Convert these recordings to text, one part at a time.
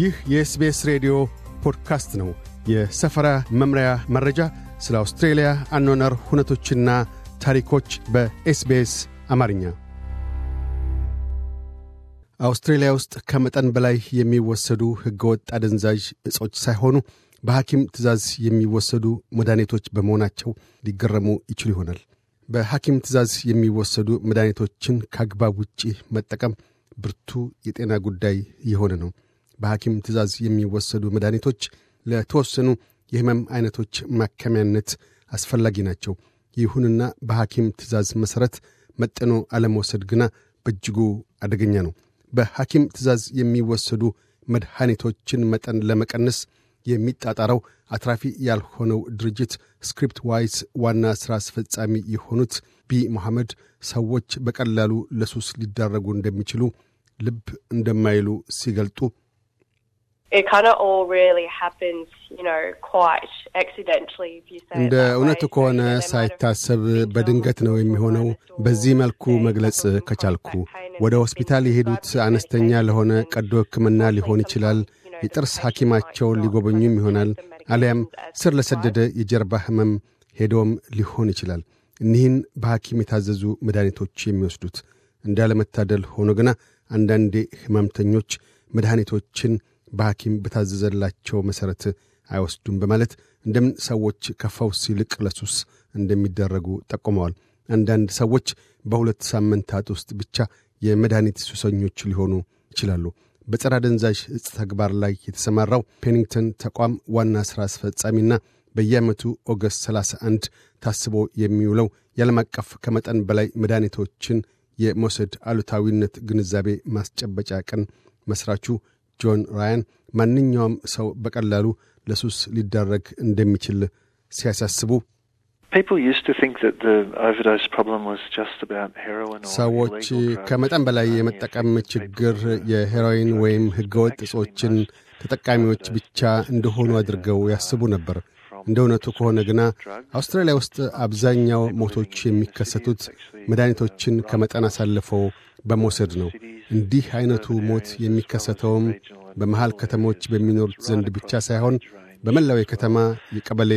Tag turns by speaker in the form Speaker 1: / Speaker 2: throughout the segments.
Speaker 1: ይህ የኤስቤስ ሬዲዮ ፖድካስት ነው። የሰፈራ መምሪያ መረጃ፣ ስለ አውስትሬልያ አኗኗር ሁነቶችና ታሪኮች በኤስቤስ አማርኛ። አውስትሬልያ ውስጥ ከመጠን በላይ የሚወሰዱ ሕገወጥ አደንዛዥ እጾች ሳይሆኑ በሐኪም ትእዛዝ የሚወሰዱ መድኃኒቶች በመሆናቸው ሊገረሙ ይችሉ ይሆናል። በሐኪም ትእዛዝ የሚወሰዱ መድኃኒቶችን ከአግባብ ውጪ መጠቀም ብርቱ የጤና ጉዳይ የሆነ ነው። በሐኪም ትእዛዝ የሚወሰዱ መድኃኒቶች ለተወሰኑ የህመም አይነቶች ማከሚያነት አስፈላጊ ናቸው። ይሁንና በሐኪም ትእዛዝ መሠረት መጠኖ አለመውሰድ ግና በእጅጉ አደገኛ ነው። በሐኪም ትእዛዝ የሚወሰዱ መድኃኒቶችን መጠን ለመቀነስ የሚጣጣረው አትራፊ ያልሆነው ድርጅት ስክሪፕት ዋይስ ዋና ሥራ አስፈጻሚ የሆኑት ቢ መሐመድ ሰዎች በቀላሉ ለሱስ ሊዳረጉ እንደሚችሉ ልብ እንደማይሉ ሲገልጡ እንደ እውነቱ ከሆነ ሳይታሰብ በድንገት ነው የሚሆነው። በዚህ መልኩ መግለጽ ከቻልኩ ወደ ሆስፒታል የሄዱት አነስተኛ ለሆነ ቀዶ ሕክምና ሊሆን ይችላል። የጥርስ ሐኪማቸው ሊጎበኙም ይሆናል። አሊያም ስር ለሰደደ የጀርባ ሕመም ሄዶም ሊሆን ይችላል። እኒህን በሐኪም የታዘዙ መድኃኒቶች የሚወስዱት እንዳለመታደል ሆኖ ግና አንዳንዴ ሕመምተኞች መድኃኒቶችን በሐኪም በታዘዘላቸው መሠረት አይወስዱም በማለት እንደምን ሰዎች ከፈውስ ይልቅ ለሱስ እንደሚደረጉ ጠቁመዋል። አንዳንድ ሰዎች በሁለት ሳምንታት ውስጥ ብቻ የመድኃኒት ሱሰኞች ሊሆኑ ይችላሉ። በጸረ አደንዛዥ እጽ ተግባር ላይ የተሰማራው ፔኒንግተን ተቋም ዋና ሥራ አስፈጻሚና በየዓመቱ ኦገስት 31 ታስቦ የሚውለው የዓለም አቀፍ ከመጠን በላይ መድኃኒቶችን የመውሰድ አሉታዊነት ግንዛቤ ማስጨበጫ ቀን መሥራቹ ጆን ራያን ማንኛውም ሰው በቀላሉ ለሱስ ሊዳረግ እንደሚችል ሲያሳስቡ ሰዎች ከመጠን በላይ የመጠቀም ችግር የሄሮይን ወይም ህገወጥ እጾችን ተጠቃሚዎች ብቻ እንደሆኑ አድርገው ያስቡ uh, ነበር። እንደ እውነቱ ከሆነ ግና አውስትራሊያ ውስጥ አብዛኛው ሞቶች የሚከሰቱት መድኃኒቶችን uh, ከመጠን አሳልፈው በመውሰድ ነው። እንዲህ ዐይነቱ ሞት የሚከሰተውም በመሃል ከተሞች በሚኖሩት ዘንድ ብቻ ሳይሆን በመላው የከተማ የቀበሌ፣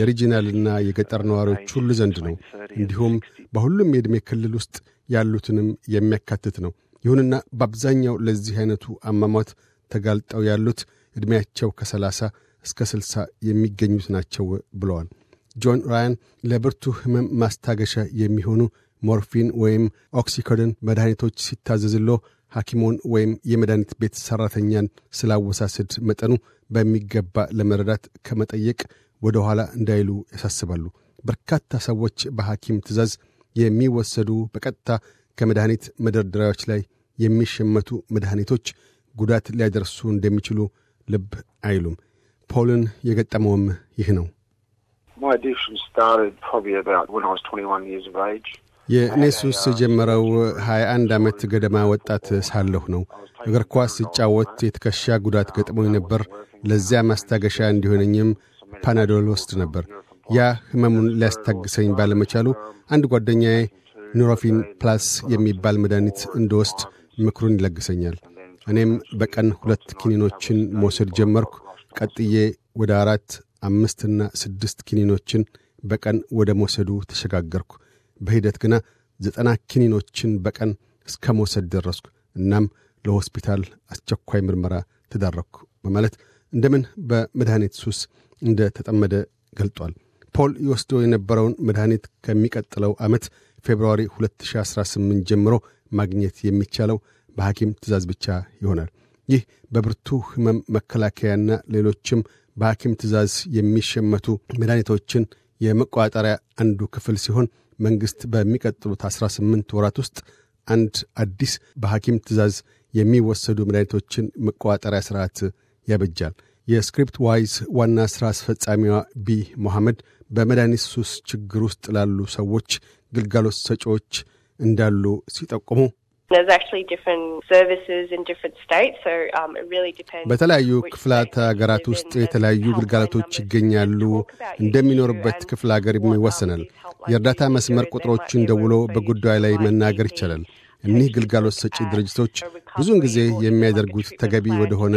Speaker 1: የሪጂናልና የገጠር ነዋሪዎች ሁሉ ዘንድ ነው። እንዲሁም በሁሉም የዕድሜ ክልል ውስጥ ያሉትንም የሚያካትት ነው። ይሁንና በአብዛኛው ለዚህ ዐይነቱ አሟሟት ተጋልጠው ያሉት ዕድሜያቸው ከሰላሳ እስከ ስልሳ የሚገኙት ናቸው ብለዋል። ጆን ራያን ለብርቱ ሕመም ማስታገሻ የሚሆኑ ሞርፊን ወይም ኦክሲኮድን መድኃኒቶች ሲታዘዝሎ ሐኪሞን ወይም የመድኃኒት ቤት ሠራተኛን ስላወሳስድ መጠኑ በሚገባ ለመረዳት ከመጠየቅ ወደ ኋላ እንዳይሉ ያሳስባሉ። በርካታ ሰዎች በሐኪም ትእዛዝ የሚወሰዱ በቀጥታ ከመድኃኒት መደርደሪያዎች ላይ የሚሸመቱ መድኃኒቶች ጉዳት ሊያደርሱ እንደሚችሉ ልብ አይሉም። ፖልን የገጠመውም ይህ ነው። የኔሱስ ሱስ የጀመረው 21 ዓመት ገደማ ወጣት ሳለሁ ነው። እግር ኳስ ሲጫወት የትከሻ ጉዳት ገጥሞኝ ነበር። ለዚያ ማስታገሻ እንዲሆነኝም ፓናዶል ወስድ ነበር። ያ ህመሙን ሊያስታግሰኝ ባለመቻሉ አንድ ጓደኛዬ ኑሮፊን ፕላስ የሚባል መድኃኒት እንደወስድ ምክሩን ይለግሰኛል። እኔም በቀን ሁለት ኪኒኖችን መውሰድ ጀመርኩ። ቀጥዬ ወደ አራት አምስትና ስድስት ኪኒኖችን በቀን ወደ መውሰዱ ተሸጋገርኩ። በሂደት ግና ዘጠና ኪኒኖችን በቀን እስከ መውሰድ ደረስኩ። እናም ለሆስፒታል አስቸኳይ ምርመራ ተዳረግኩ በማለት እንደምን በመድኃኒት ሱስ እንደ ተጠመደ ገልጧል። ፖል ይወስዶ የነበረውን መድኃኒት ከሚቀጥለው ዓመት ፌብርዋሪ 2018 ጀምሮ ማግኘት የሚቻለው በሐኪም ትእዛዝ ብቻ ይሆናል። ይህ በብርቱ ህመም መከላከያና ሌሎችም በሐኪም ትእዛዝ የሚሸመቱ መድኃኒቶችን የመቆጣጠሪያ አንዱ ክፍል ሲሆን መንግሥት በሚቀጥሉት 18 ወራት ውስጥ አንድ አዲስ በሐኪም ትእዛዝ የሚወሰዱ መድኃኒቶችን መቆጣጠሪያ ሥርዓት ያበጃል። የስክሪፕት ዋይዝ ዋና ሥራ አስፈጻሚዋ ቢ ሞሐመድ በመድኃኒት ሱስ ችግር ውስጥ ላሉ ሰዎች ግልጋሎት ሰጪዎች እንዳሉ ሲጠቁሙ Um, በተለያዩ ክፍላት ሀገራት ውስጥ የተለያዩ ግልጋሎቶች ይገኛሉ። እንደሚኖርበት ክፍለ ሀገርም um, ይወሰናል። የእርዳታ መስመር ቁጥሮችን ደውሎ በጉዳዩ ላይ መናገር ይቻላል። uh, እኒህ ግልጋሎት ሰጪ ድርጅቶች ብዙውን ጊዜ የሚያደርጉት ተገቢ ወደሆነ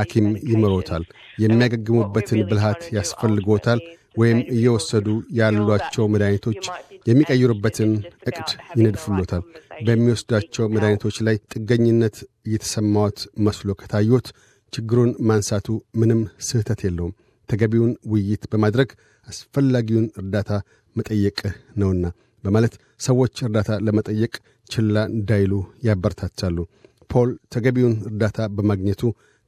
Speaker 1: ሐኪም ይምሮታል። የሚያገግሙበትን ብልሃት ያስፈልጎታል። ወይም እየወሰዱ ያሏቸው መድኃኒቶች የሚቀይሩበትን እቅድ ይነድፍሎታል። በሚወስዷቸው መድኃኒቶች ላይ ጥገኝነት እየተሰማዎት መስሎ ከታዩት ችግሩን ማንሳቱ ምንም ስህተት የለውም። ተገቢውን ውይይት በማድረግ አስፈላጊውን እርዳታ መጠየቅ ነውና በማለት ሰዎች እርዳታ ለመጠየቅ ችላ እንዳይሉ ያበረታታሉ። ፖል ተገቢውን እርዳታ በማግኘቱ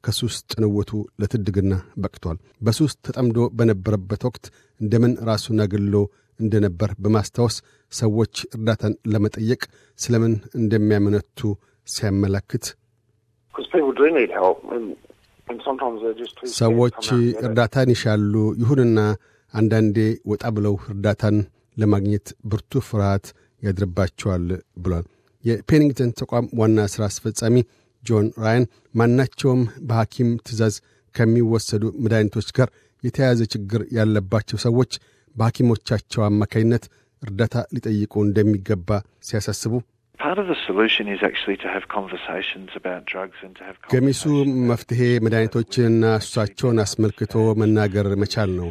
Speaker 1: ከሱስ ጥንውቱ ለትድግና በቅቷል። በሱስ ተጠምዶ በነበረበት ወቅት እንደምን ራሱን አግሎ እንደነበር በማስታወስ ሰዎች እርዳታን ለመጠየቅ ስለምን እንደሚያመነቱ ሲያመላክት ሰዎች እርዳታን ይሻሉ። ይሁንና አንዳንዴ ወጣ ብለው እርዳታን ለማግኘት ብርቱ ፍርሃት ያድርባቸዋል ብሏል። የፔኒንግተን ተቋም ዋና ሥራ አስፈጻሚ ጆን ራያን ማናቸውም በሐኪም ትእዛዝ ከሚወሰዱ መድኃኒቶች ጋር የተያያዘ ችግር ያለባቸው ሰዎች በሐኪሞቻቸው አማካይነት እርዳታ ሊጠይቁ እንደሚገባ ሲያሳስቡ ገሚሱ መፍትሄ መድኃኒቶችንና ሱሳቸውን አስመልክቶ መናገር መቻል ነው።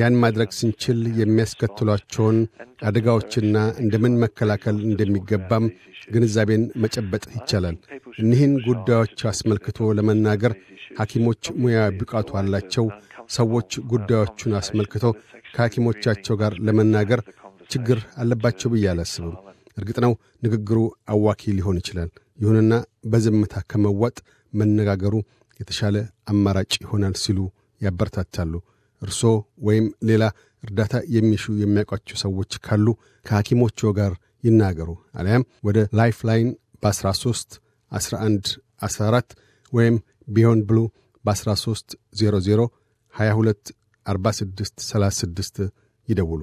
Speaker 1: ያን ማድረግ ስንችል የሚያስከትሏቸውን አደጋዎችና እንደምን መከላከል እንደሚገባም ግንዛቤን መጨበጥ ይቻላል። እኒህን ጉዳዮች አስመልክቶ ለመናገር ሐኪሞች ሙያ ብቃቱ አላቸው። ሰዎች ጉዳዮቹን አስመልክቶ ከሐኪሞቻቸው ጋር ለመናገር ችግር አለባቸው ብዬ አላስብም። እርግጥ ነው ንግግሩ አዋኪ ሊሆን ይችላል። ይሁንና በዝምታ ከመዋጥ መነጋገሩ የተሻለ አማራጭ ይሆናል ሲሉ ያበረታታሉ። እርሶ ወይም ሌላ እርዳታ የሚሹ የሚያውቋቸው ሰዎች ካሉ ከሐኪሞቹ ጋር ይናገሩ አሊያም ወደ ላይፍላይን በ13 11 14 ወይም ቢዮንድ ብሉ በ 1300 00 22 46 36 ይደውሉ።